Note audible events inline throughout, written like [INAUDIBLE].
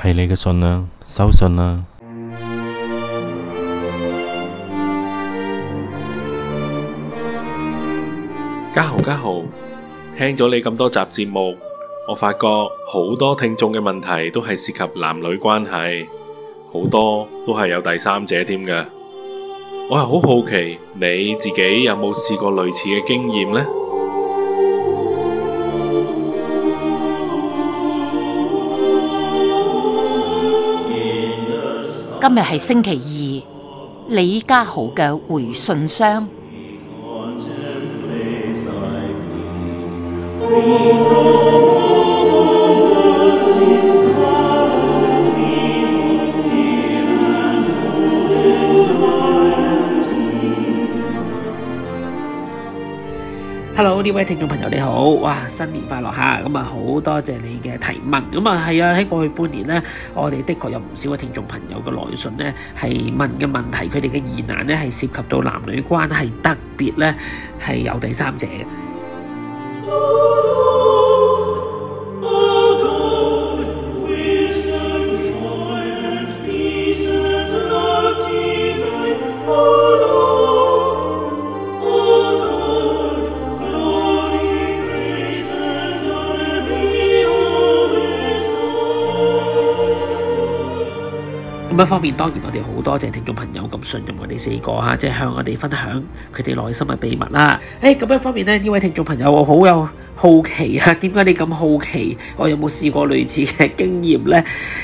係你嘅信啦，收信啦。家豪，家豪，聽咗你咁多集節目，我發覺好多聽眾嘅問題都係涉及男女關係，好多都係有第三者添㗎。我係好好奇你自己有冇試過類似嘅經驗呢？今日係星期二，李家豪嘅回信箱。呢位聽眾朋友你好，哇！新年快樂吓，咁啊好多謝你嘅提問，咁啊係啊，喺過去半年呢，我哋的確有唔少嘅聽眾朋友嘅來信呢，係問嘅問題，佢哋嘅疑難呢，係涉及到男女關係，特別呢，係有第三者嘅。咁一方面，當然我哋好多謝聽眾朋友咁信任我哋四個嚇，即係向我哋分享佢哋內心嘅秘密啦。誒、哎，咁一方面呢，呢位聽眾朋友我好有好奇啊，點解你咁好奇？我有冇試過類似嘅經驗呢？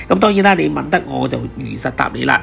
咁當然啦，你問得我，我就如實答你啦。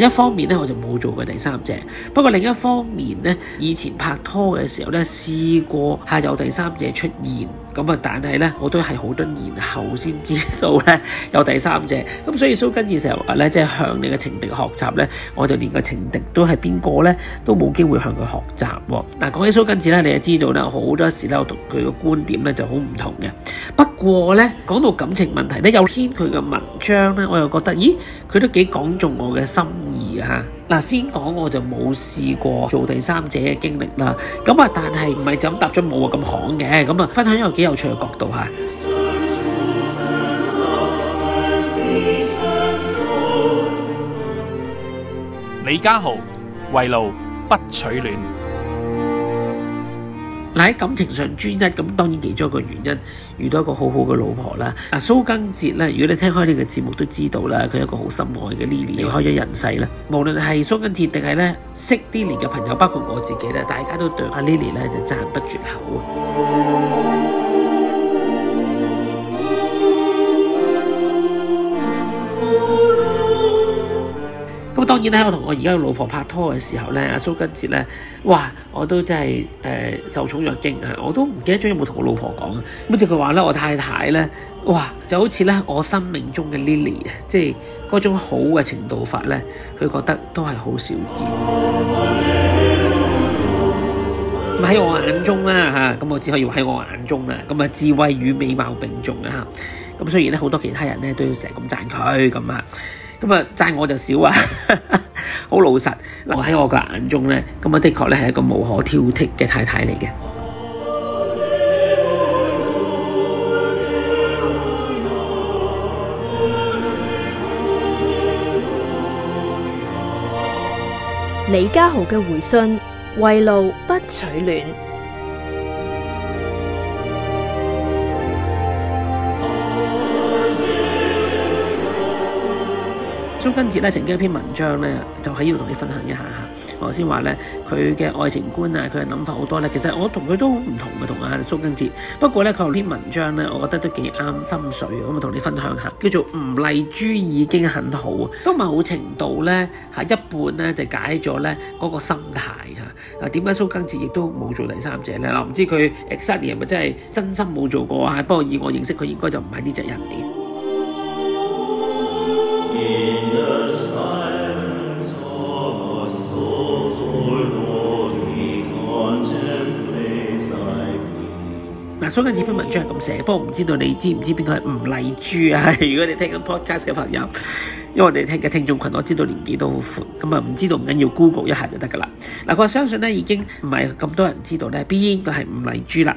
一方面呢，我就冇做過第三者。不過另一方面呢，以前拍拖嘅時候呢，試過係有第三者出現。咁啊，但係咧，我都係好多年後先知道咧，有第三者。咁所以蘇根治成日話咧，即係向你嘅情敵學習咧，我就連個情敵都係邊個？咧，都冇機會向佢學習。嗱、啊，講起蘇根治咧，你就知道咧，好多時咧，我同佢嘅觀點咧就好唔同嘅。不過咧，講到感情問題咧，有篇佢嘅文章咧，我又覺得，咦，佢都幾講中我嘅心意啊！嗱，先講我就冇試過做第三者嘅經歷啦。咁啊，但係唔係就咁搭張網啊咁行嘅？咁啊，分享有幾出嘅角度嚇。李家豪為路不取暖。嗱，喺感情上專一，咁當然其中一個原因，遇到一個好好嘅老婆啦。嗱，蘇根哲啦，如果你聽開呢個節目都知道啦，佢有一個好心愛嘅 Lily 離開咗人世啦。無論係蘇根哲定係咧識 Lily 嘅朋友，包括我自己啦，大家都對阿 Lily 咧就讚不絕口啊。當然咧，我同我而家嘅老婆拍拖嘅時候咧，阿蘇根節咧，哇！我都真係誒、呃、受寵若驚啊！我都唔記得咗有冇同我老婆講啊。好似佢話咧，我太太咧，哇！就好似咧我生命中嘅 Lily 啊，即係嗰種好嘅程度法咧，佢覺得都係好少見。喺 [MUSIC] 我眼中咧嚇，咁我只可以話喺我眼中啦。咁啊，智慧與美貌並重啊！咁雖然咧好多其他人咧都要成日咁讚佢咁啊。咁啊，讚我就少啊，好老實。在我喺我嘅眼中呢，咁啊，的確咧係一個無可挑剔嘅太太嚟嘅。李家豪嘅回信，為路不取暖。蘇根哲咧曾經一篇文章咧，就喺呢度同你分享一下吓。我頭先話咧佢嘅愛情觀啊，佢嘅諗法好多咧。其實我同佢都唔同嘅，同阿蘇根哲。不過咧佢有篇文章咧，我覺得都幾啱心水，咁我同你分享下。叫做吳麗珠已經很好啊，都某程度咧吓，一半咧就解咗咧嗰個心態吓。啊，點解蘇根哲亦都冇做第三者咧？嗱，唔知佢 exactly 係咪真係真心冇做過啊？不過以我認識佢，應該就唔係呢隻人嚟。嗱，蘇根字篇文章係咁寫，不過唔知道你知唔知邊個係吳麗珠啊？ [LAUGHS] 如果你聽緊 podcast 嘅朋友，因為我哋聽嘅聽眾群，我知道年紀都好闊咁啊，唔知道唔緊要，Google 一下就得噶啦。嗱、嗯，我相信咧已經唔係咁多人知道咧，邊個係吳麗珠啦。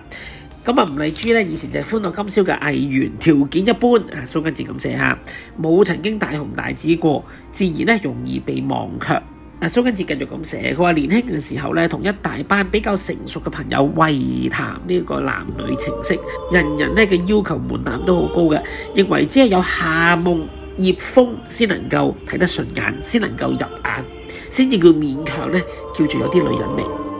咁啊，吳麗珠咧以前就係歡樂今宵嘅藝員，條件一般啊。蘇根字咁寫下，冇曾經大紅大紫過，自然咧容易被忘卻。阿蘇根哲繼續咁寫，佢話年輕嘅時候咧，同一大班比較成熟嘅朋友圍談呢個男女情色，人人咧嘅要求門檻都好高嘅，認為只係有夏夢葉楓先能夠睇得順眼，先能夠入眼，先至叫勉強咧，叫做有啲女人味。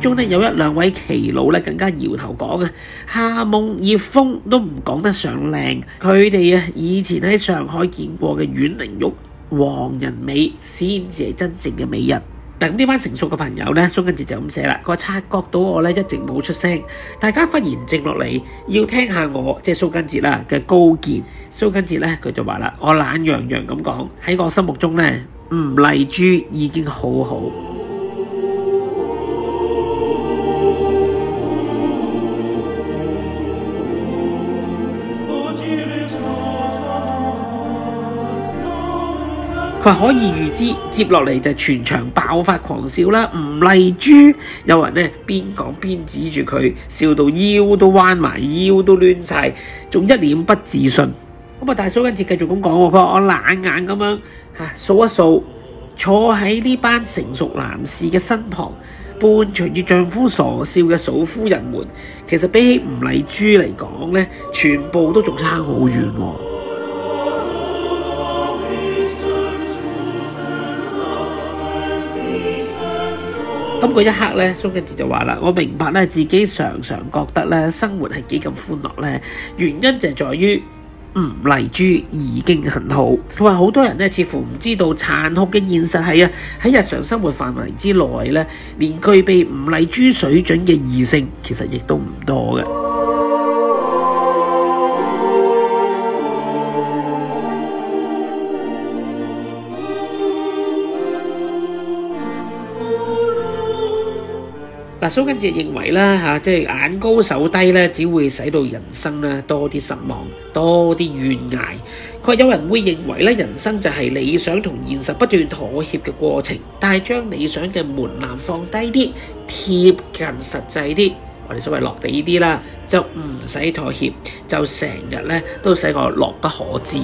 中咧有一兩位奇佬咧，更加搖頭講啊，夏夢葉楓都唔講得上靚。佢哋啊，以前喺上海見過嘅阮玲玉、王人美，先至係真正嘅美人。等呢班成熟嘅朋友呢，蘇根哲就咁寫啦。佢察覺到我呢，一直冇出聲，大家忽然靜落嚟，要聽下我，即係蘇根哲啦嘅高見。蘇根哲呢，佢就話啦，我懶洋洋咁講，喺我心目中呢，吳麗珠已經好好。可以預知，接落嚟就全場爆發狂笑啦！吳麗珠，有人呢，邊講邊指住佢笑到腰都彎埋，腰都攣晒，仲一臉不自信。咁啊，大嫂跟住捷繼續咁講，佢話我冷眼咁樣吓掃一掃，坐喺呢班成熟男士嘅身旁，伴隨住丈夫傻笑嘅嫂夫人們，其實比起吳麗珠嚟講呢，全部都仲差好遠。咁嗰一刻咧，蘇敬捷就話啦：我明白咧，自己常常覺得咧，生活係幾咁歡樂咧，原因就係在於吳麗珠已經很好，同埋好多人咧，似乎唔知道殘酷嘅現實係啊，喺日常生活範圍之內咧，連具備吳麗珠水準嘅異性，其實亦都唔多嘅。嗱，蘇根哲認為啦，吓即係眼高手低咧，只會使到人生咧多啲失望，多啲怨艾。佢話有人會認為咧，人生就係理想同現實不斷妥協嘅過程，但係將理想嘅門檻放低啲，貼近實際啲，我哋所謂落地啲啦，就唔使妥協，就成日咧都使我樂不可支。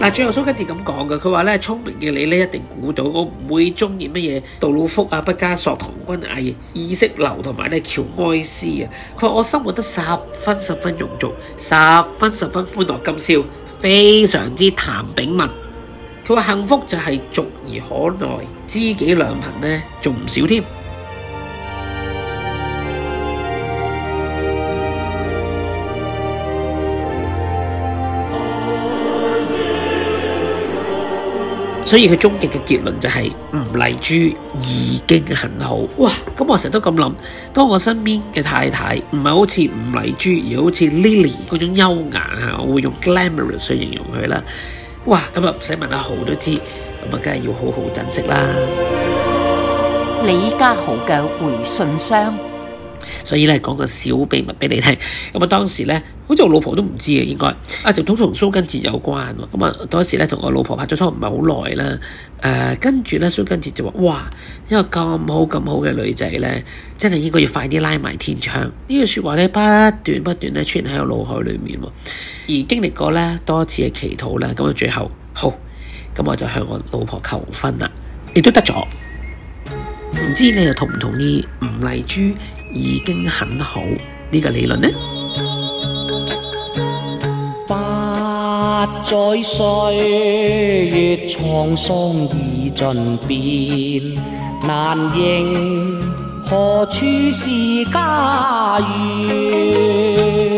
嗱，最後蘇吉節咁講嘅，佢話咧聰明嘅你咧一定估到，我唔會中意乜嘢杜魯福啊、畢加索、唐君毅、意識流同埋咧喬埃斯啊。佢話我生活得十分十分庸俗，十分十分歡樂今宵，非常之譚炳文。佢話幸福就係俗而可耐，知己良朋呢，仲唔少添。所以佢終極嘅結論就係吳麗珠已經很好哇！咁我成日都咁諗，當我身邊嘅太太唔係好似吳麗珠，而好似 Lily 嗰種優雅吓，我會用 glamorous 去形容佢啦。哇！咁啊唔使問阿豪都知，咁啊梗係要好好珍惜啦。李家豪嘅回信箱。所以咧，講個小秘密俾你聽。咁啊，當時咧，好似我老婆都唔知嘅，應該啊，就都同蘇根哲有關。咁啊，當時咧，同我老婆拍咗拖唔係好耐啦。誒，跟住咧，蘇根哲就話：哇，一個咁好咁好嘅女仔咧，真係應該要快啲拉埋天窗。這個、說呢句説話咧，不斷不斷咧，出現喺我腦海裡面喎。而經歷過咧多次嘅祈禱咧，咁啊，最後好，咁我就向我老婆求婚啦，亦都得咗。唔知你又同唔同意吳麗珠？已經很好，呢個理論呢？不再歲月滄桑已盡變，難認何處是家園。